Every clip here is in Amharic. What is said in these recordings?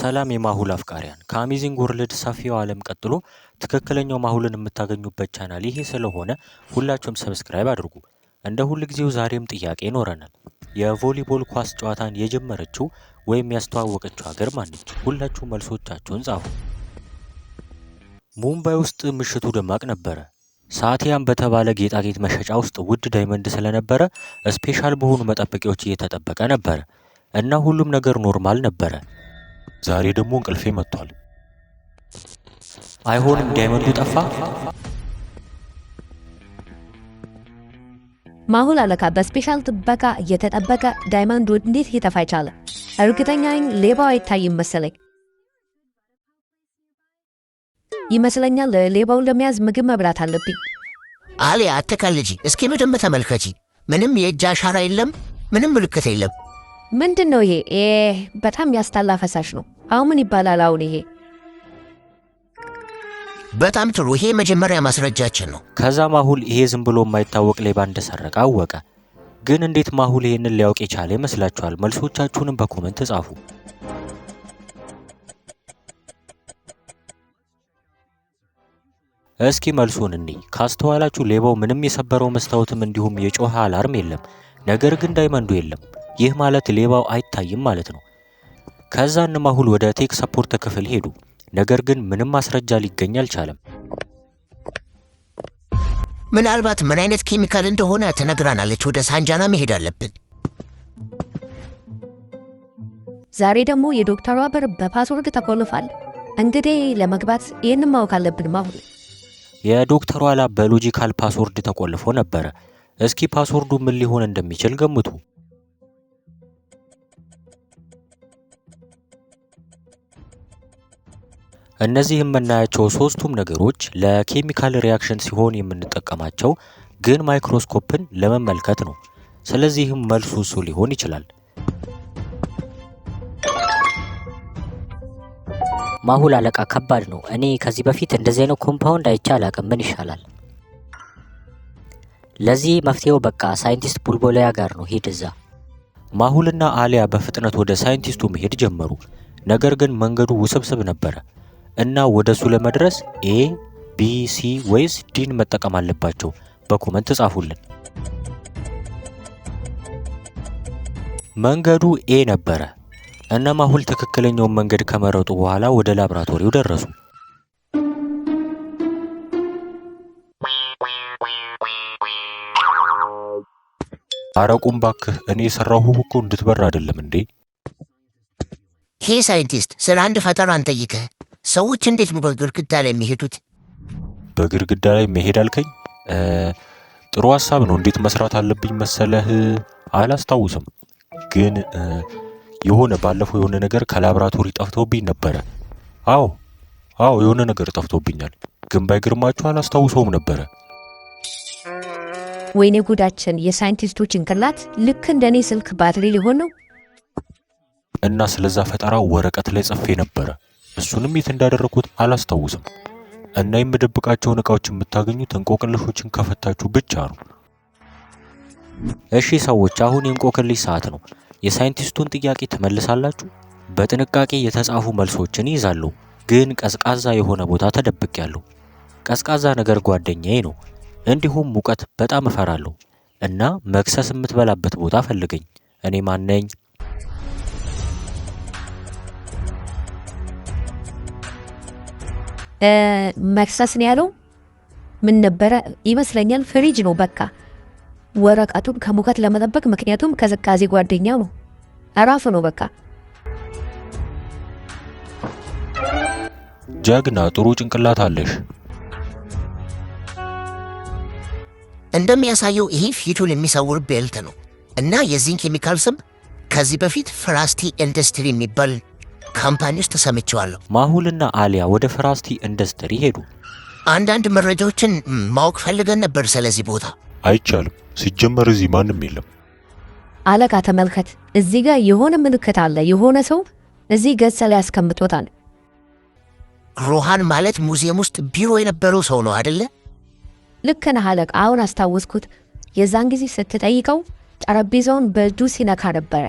ሰላም የማሁል አፍቃሪያን ከአሜዚንግ ወርልድ ሰፊው ዓለም ቀጥሎ ትክክለኛው ማሁልን የምታገኙበት ቻናል ይሄ ስለሆነ ሁላችሁም ሰብስክራይብ አድርጉ። እንደ ሁል ጊዜው ዛሬም ጥያቄ ይኖረናል። የቮሊቦል ኳስ ጨዋታን የጀመረችው ወይም ያስተዋወቀችው ሀገር ማነች? ሁላችሁ መልሶቻችሁን ጻፉ። ሙምባይ ውስጥ ምሽቱ ደማቅ ነበረ። ሳቲያም በተባለ ጌጣጌጥ መሸጫ ውስጥ ውድ ዳይመንድ ስለነበረ ስፔሻል በሆኑ መጠበቂያዎች እየተጠበቀ ነበረ እና ሁሉም ነገር ኖርማል ነበረ። ዛሬ ደግሞ እንቅልፌ መጥቷል። አይሆንም፣ ዳይመንዱ ጠፋ። ማሁል አለካ በስፔሻል ጥበቃ እየተጠበቀ ዳይመንዱ እንዴት ሊጠፋ ይቻለ? እርግጠኛ ነኝ ሌባው አይታይም መሰለኝ። ይመስለኛል ሌባውን ለመያዝ ምግብ መብላት አለብኝ። አሊ አትቀልጂ። እስኪ ምድም ተመልከቺ። ምንም የእጅ አሻራ የለም፣ ምንም ምልክት የለም። ምንድን ነው ይሄ? በጣም ያስጠላ ፈሳሽ ነው። አሁን ምን ይባላል? አሁን ይሄ በጣም ጥሩ። ይሄ መጀመሪያ ማስረጃችን ነው። ከዛ ማሁል ይሄ ዝም ብሎ የማይታወቅ ሌባ እንደሰረቀ አወቀ። ግን እንዴት ማሁል ይሄንን ሊያውቅ የቻለ ይመስላችኋል? መልሶቻችሁንም በኮመንት ጻፉ። እስኪ መልሱን እንይ። ካስተዋላችሁ ሌባው ምንም የሰበረው መስታወትም እንዲሁም የጮኸ አላርም የለም። ነገር ግን ዳይመንዱ የለም። ይህ ማለት ሌባው አይታይም ማለት ነው። ከዛ እነማሁል ወደ ቴክ ሰፖርት ክፍል ሄዱ። ነገር ግን ምንም ማስረጃ ሊገኝ አልቻለም። ምናልባት ምን አይነት ኬሚካል እንደሆነ ትነግራናለች። ወደ ሳንጃና መሄድ አለብን። ዛሬ ደግሞ የዶክተሯ በር በፓስወርድ ተቆልፏል። እንግዲህ ለመግባት ይህን ማወቅ አለብን። ማሁል የዶክተሯ ላብ በሎጂካል ፓስወርድ ተቆልፎ ነበረ። እስኪ ፓስወርዱ ምን ሊሆን እንደሚችል ገምቱ። እነዚህ የምናያቸው ሶስቱም ነገሮች ለኬሚካል ሪያክሽን ሲሆን የምንጠቀማቸው ግን ማይክሮስኮፕን ለመመልከት ነው። ስለዚህም መልሱ እሱ ሊሆን ይችላል። ማሁል አለቃ፣ ከባድ ነው። እኔ ከዚህ በፊት እንደዚህ አይነት ኮምፓውንድ አይቼ አላቅም። ምን ይሻላል? ለዚህ መፍትሄው በቃ ሳይንቲስት ቡልቦሊያ ጋር ነው፣ ሄድ እዛ። ማሁልና አሊያ በፍጥነት ወደ ሳይንቲስቱ መሄድ ጀመሩ። ነገር ግን መንገዱ ውስብስብ ነበረ። እና ወደሱ ለመድረስ ኤ ቢ ሲ ወይስ ዲን መጠቀም አለባቸው? በኮመንት ጻፉልን። መንገዱ ኤ ነበረ። እነ ማሁል ትክክለኛውን መንገድ ከመረጡ በኋላ ወደ ላብራቶሪው ደረሱ። አረቁም ባክህ፣ እኔ የሰራሁ እኮ እንድትበር አይደለም እንዴ? ይህ ሳይንቲስት ስለ አንድ ፈተና አንጠይከ ሰዎች እንዴት ነው በግድግዳ ላይ የሚሄዱት? በግድግዳ ላይ መሄድ አልከኝ? ጥሩ ሀሳብ ነው። እንዴት መስራት አለብኝ መሰለህ? አላስታውስም፣ ግን የሆነ ባለፈው የሆነ ነገር ከላብራቶሪ ጠፍቶብኝ ነበረ። አዎ አዎ፣ የሆነ ነገር ጠፍቶብኛል፣ ግን ባይገርማችሁ አላስታውሰውም ነበረ። ወይኔ ጉዳችን! የሳይንቲስቶች ጭንቅላት ልክ እንደኔ ስልክ ባትሪ ሊሆን ነው። እና ስለዛ ፈጠራ ወረቀት ላይ ጽፌ ነበረ። እሱንም የት እንዳደረኩት አላስታውስም እና የምደብቃቸውን እቃዎች የምታገኙት እንቆቅልሾችን ከፈታችሁ ብቻ ነው። እሺ ሰዎች፣ አሁን የእንቆቅልሽ ሰዓት ነው። የሳይንቲስቱን ጥያቄ ትመልሳላችሁ። በጥንቃቄ የተጻፉ መልሶችን ይዛለሁ፣ ግን ቀዝቃዛ የሆነ ቦታ ተደብቄያለሁ። ቀዝቃዛ ነገር ጓደኛዬ ነው። እንዲሁም ሙቀት በጣም እፈራለሁ እና መክሰስ የምትበላበት ቦታ ፈልገኝ። እኔ ማነኝ? መክሰስ ነው ያለው። ምን ነበረ ይመስለኛል፣ ፍሪጅ ነው በቃ ወረቀቱን ከሙቀት ለመጠበቅ ምክንያቱም ከዝቃዜ ጓደኛ ነው እራፍ ነው በቃ። ጀግና ጥሩ ጭንቅላት አለሽ። እንደሚያሳየው ይሄ ፊቱን የሚሰውር ቤልት ነው እና የዚህን ኬሚካል ስም ከዚህ በፊት ፍራስቲ ኢንዱስትሪ የሚባል ካምፓኒ ውስጥ ሰምቼዋለሁ። ማሁልና አሊያ ወደ ፍራስቲ ኢንዱስትሪ ሄዱ። አንዳንድ መረጃዎችን ማወቅ ፈልገን ነበር ስለዚህ ቦታ። አይቻልም፣ ሲጀመር እዚህ ማንም የለም። አለቃ ተመልከት፣ እዚህ ጋር የሆነ ምልክት አለ። የሆነ ሰው እዚህ ገጽ ላይ አስቀምጦታል። ሮሃን ማለት ሙዚየም ውስጥ ቢሮ የነበረው ሰው ነው አደለ? ልክ ነህ አለቃ፣ አሁን አስታወስኩት። የዛን ጊዜ ስትጠይቀው ጠረጴዛውን በእጁ ሲነካ ነበረ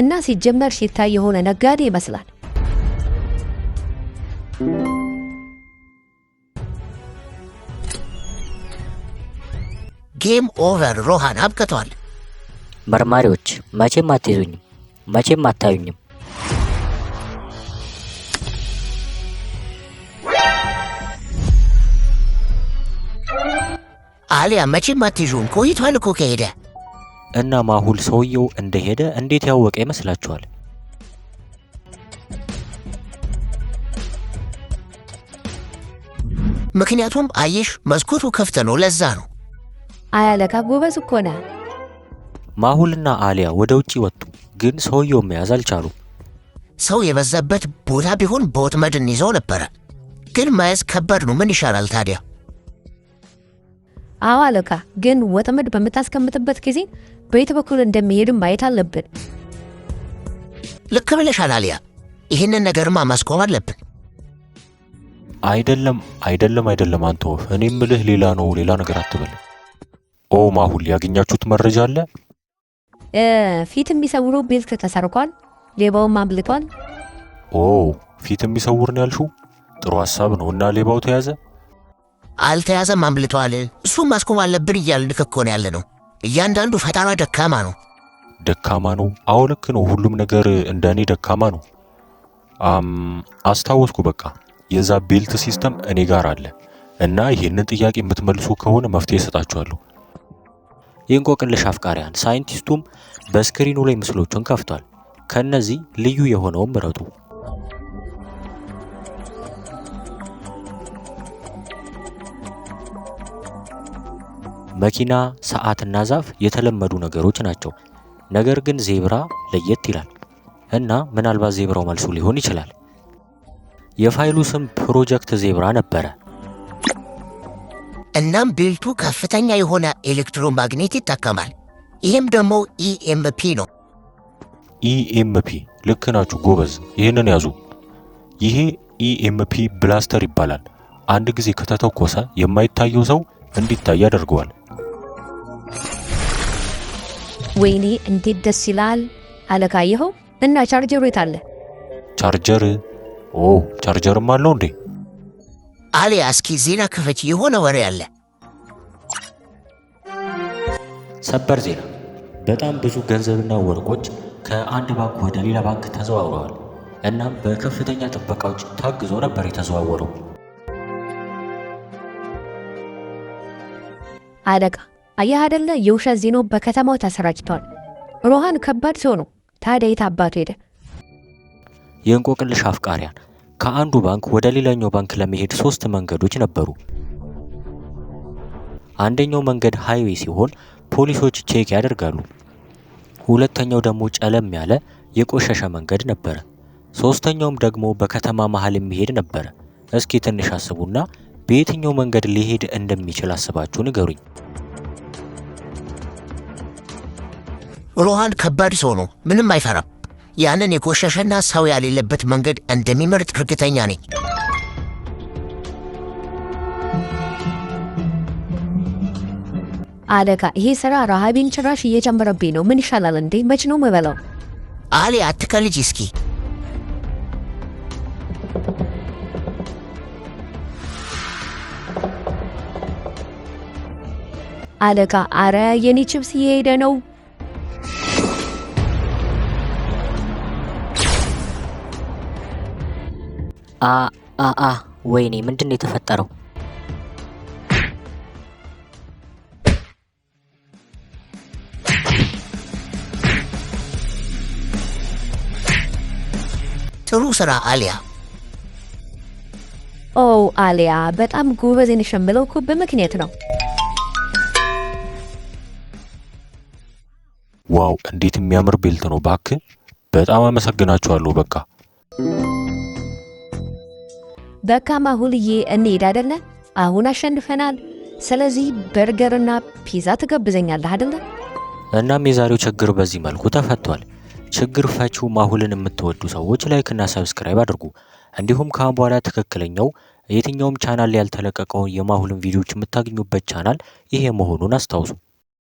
እና ሲጀመር ሲታይ የሆነ ነጋዴ ይመስላል። ጌም ኦቨር። ሮሃን አብቅቷል። መርማሪዎች መቼም አትይዙኝም፣ መቼም አታዩኝም። አሊያ መቼም አትይዙም። ቆይቷል እኮ ከሄደ። እና ማሁል ሰውየው እንደሄደ እንዴት ያወቀ ይመስላችኋል? ምክንያቱም አየሽ መስኮቱ ክፍት ነው። ለዛ ነው። አያለካ ጎበዝ እኮ ነህ። ማሁልና አሊያ ወደ ውጭ ወጡ፣ ግን ሰውየው መያዝ አልቻሉም። ሰው የበዛበት ቦታ ቢሆን በወጥመድ እንይዘው ነበረ፣ ግን መያዝ ከባድ ነው። ምን ይሻላል ታዲያ? አዎ አለካ፣ ግን ወጥመድ በምታስቀምጥበት ጊዜ በየት በኩል እንደሚሄድም ማየት አለብን። ልክ ብለሻል አሊያ፣ ይህንን ነገርማ ማስቆም አለብን። አይደለም አይደለም አይደለም፣ አንተ ወፍ፣ እኔ ምልህ ሌላ ነው። ሌላ ነገር አትበል። ኦ ማሁል፣ ያገኛችሁት መረጃ አለ? ፊት የሚሰውሩ ቤት ተሰርቋል፣ ሌባውም አምልቷል። ኦ ፊት የሚሰውር ነው ጥሩ ሀሳብ ነው። እና ሌባው ተያዘ? አልተያዘም፣ አምልቷል። እሱም ማስቆም አለብን እያልን ነው ያለ ነው። እያንዳንዱ ፈጣራ ደካማ ነው ደካማ ነው። አዎ ልክ ነው። ሁሉም ነገር እንደ እኔ ደካማ ነው። አስታወስኩ በቃ የዛ ቤልት ሲስተም እኔ ጋር አለ እና ይህንን ጥያቄ የምትመልሱ ከሆነ መፍትሄ እሰጣችኋለሁ። የእንቆቅልሽ አፍቃሪያን ሳይንቲስቱም በስክሪኑ ላይ ምስሎችን ከፍቷል። ከነዚህ ልዩ የሆነውን ምረጡ። መኪና፣ ሰዓትና ዛፍ የተለመዱ ነገሮች ናቸው። ነገር ግን ዜብራ ለየት ይላል እና ምናልባት ዜብራው መልሱ ሊሆን ይችላል። የፋይሉ ስም ፕሮጀክት ዜብራ ነበረ። እናም ቤልቱ ከፍተኛ የሆነ ኤሌክትሮማግኔት ይጠቀማል። ይህም ደግሞ ኢኤምፒ e ነው። ኢኤምፒ e ልክ ናችሁ ጎበዝ፣ ይህንን ያዙ። ይሄ ኢኤምፒ e ብላስተር ይባላል። አንድ ጊዜ ከተተኮሰ የማይታየው ሰው እንዲታይ ያደርገዋል። ወይኔ እንዴት ደስ ይላል! አለካየኸው እና ቻርጀሩ የት አለ? ቻርጀር ኦ ቻርጀርም አለው እንዴ? አሊያ እስኪ ዜና ክፈች፣ የሆነ ወሬ አለ። ሰበር ዜና! በጣም ብዙ ገንዘብና ወርቆች ከአንድ ባንክ ወደ ሌላ ባንክ ተዘዋውረዋል። እናም በከፍተኛ ጥበቃዎች ታግዞ ነበር የተዘዋወረው። አደጋ አየህ አይደለ? የውሸት ዜናው በከተማው ተሰራጭቷል። ሮሃን ከባድ ሰው ነው። ታዲያ የት አባቱ ሄደ? የእንቆቅልሽ አፍቃሪያን ከአንዱ ባንክ ወደ ሌላኛው ባንክ ለመሄድ ሶስት መንገዶች ነበሩ። አንደኛው መንገድ ሃይዌይ ሲሆን ፖሊሶች ቼክ ያደርጋሉ። ሁለተኛው ደግሞ ጨለም ያለ የቆሸሸ መንገድ ነበረ። ሶስተኛውም ደግሞ በከተማ መሀል የሚሄድ ነበረ። እስኪ ትንሽ አስቡና በየትኛው መንገድ ሊሄድ እንደሚችል አስባችሁ ንገሩኝ። ሮሃን ከባድ ሰው ነው፣ ምንም አይፈራም። ያንን የቆሸሸና ሰው ያሌለበት መንገድ እንደሚመርጥ እርግጠኛ ነኝ። አለቃ፣ ይሄ ስራ ረሃቢን ጭራሽ እየጨመረብኝ ነው። ምን ይሻላል እንዴ? መች ነው የምበላው? አሊ፣ አትከልጅ እስኪ። አለቃ፣ አረ የኔ ችብስ እየሄደ ነው። አ አ አ ወይኔ ምንድን ነው የተፈጠረው? ጥሩ ስራ አሊያ። ኦ አሊያ በጣም ጎበዝ ነሽ የምለው እኮ በምክንያት ነው። ዋው እንዴት የሚያምር ቤልት ነው! ባክ በጣም አመሰግናችኋለሁ። በቃ ደካማ ሁልዬ እንሄድ አይደለ? አሁን አሸንፈናል። ስለዚህ በርገርና ፒዛ ትገብዘኛለህ አይደለ? እናም የዛሬው ችግር በዚህ መልኩ ተፈቷል። ችግር ፈቺው ማሁልን የምትወዱ ሰዎች ላይክና ሰብስክራይብ አድርጉ። እንዲሁም ከአሁን በኋላ ትክክለኛው የትኛውም ቻናል ያልተለቀቀውን የማሁልን ቪዲዮዎች የምታገኙበት ቻናል ይሄ መሆኑን አስታውሱ።